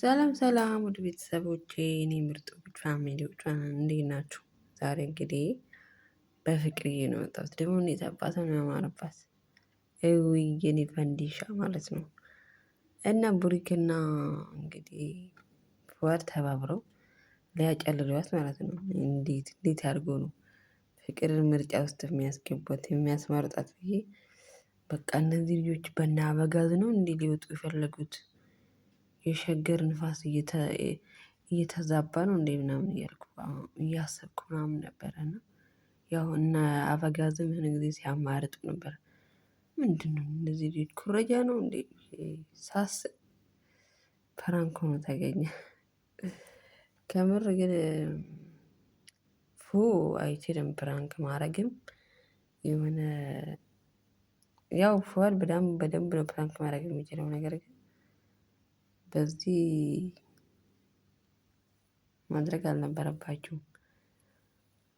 ሰላም ሰላም ውድ ቤተሰቦቼ እኔ ምርጦች ፋሚሊዎቿ እንዴት ናችሁ? ዛሬ እንግዲህ በፍቅር ነው የመጣሁት። ደግሞ እንዴት አባቷ ነው ያማረባት! እውይ የኔ ፈንዲሻ ማለት ነው። እና ቡሪክና እንግዲህ ፍዋድ ተባብረው ሊያጨልሏት ማለት ነው። እንዴት እንዴት አድርጎ ነው ፍቅር ምርጫ ውስጥ የሚያስገባት የሚያስመርጣት ብዬ በቃ እነዚህ ልጆች በእነ አበጋዝ ነው እንዲህ ሊወጡ የፈለጉት የሸገር ንፋስ እየተዛባ ነው እንዴ ምናምን እያልኩ እያሰብኩ ምናምን ነበረ። ና ያው እነ አበጋዝም የሆነ ጊዜ ሲያማርጡ ነበር። ምንድነው እንደዚህ ኩረጃ ነው እንዴ ሳስ ፕራንክ ሆኖ ተገኘ። ከምር ግን ፉ አይችልም ፕራንክ ማድረግም የሆነ ያው ፍዋል በደንብ በደንብ ነው ፕራንክ ማድረግ የሚችለው ነገር ግን በዚህ ማድረግ አልነበረባችሁም።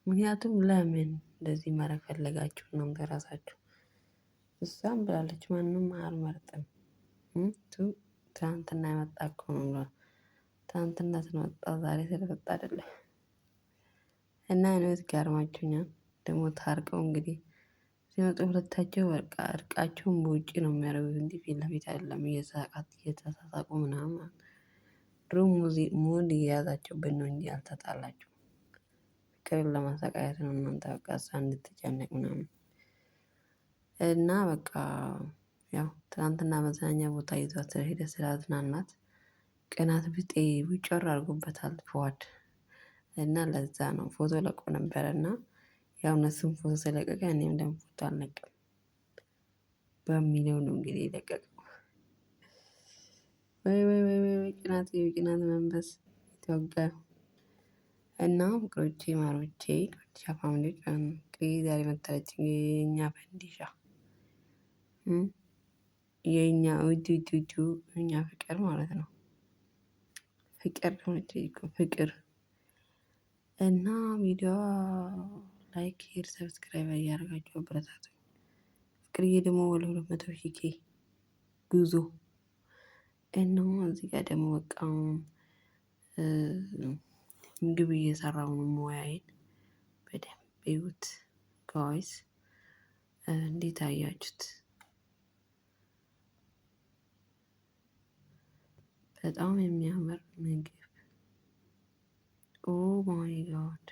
ምክንያቱም ለምን እንደዚህ ማድረግ ፈለጋችሁ ነው ከራሳችሁ። እሷም ብላለች ማንም አልመርጥም ትናንትና የመጣ እኮ ነው ብሏል። ትናንትና ስለመጣ ዛሬ ስለመጣ አይደለም እና ነው። ይገርማችሁኛል ደግሞ ታርቀው እንግዲህ ሲመጡ ሁለታቸው በቃ እርቃቸውን በውጪ ነው የሚያደርጉት እንጂ ፊት ለፊት አይደለም እየሳቃት እየተሳሳቁ ምናምን። ድሮ ሙድ እየያዛቸው ነው እንጂ አልተጣላቸው። ፍቅርን ለማሰቃየት ነው እናንተ በቃ እሷ እንድትጨነቅ ምናምን። እና በቃ ያው ትናንትና መዝናኛ ቦታ ይዟት ሄደ ስላዝናናት ቅናት ብጤ ውጭር አድርጎበታል ፍዋድ እና ለዛ ነው ፎቶ ለቆ ነበረ እና ያው እነሱም ፎቶ ስለቀቀ እኔም ደግሞ ፎቶ አልለቅም በሚለው ነው እንግዲህ የለቀቀው። ወይ ወይ ወይ ወይ ቅናት የቅናት መንፈስ ኢትዮጵያ እና ፍቅሮቼ ማሮቼ ቅርቻ ፋሚሊዎች እንግዲህ ዛሬ መታለች የኛ ፈንዲሻ የኛ ውድ ውድ ውድ እኛ ፍቅር ማለት ነው ፍቅር ፍቅር እና ቪዲዮ ላይክ፣ ሄር ሰብስክራይብ እያደረጋችሁ አበረታቱ። ፍቅርዬ ደግሞ ወደ ሁለት መቶ ሺህ ኬ ጉዞ እና እዚህ ጋር ደግሞ በቃ ምግብ እየሰራው ነው። ሙያዬን በደንብ እዩት ጋይስ። እንዴት አያችሁት? በጣም የሚያምር ምግብ ኦ ማይ ጋድ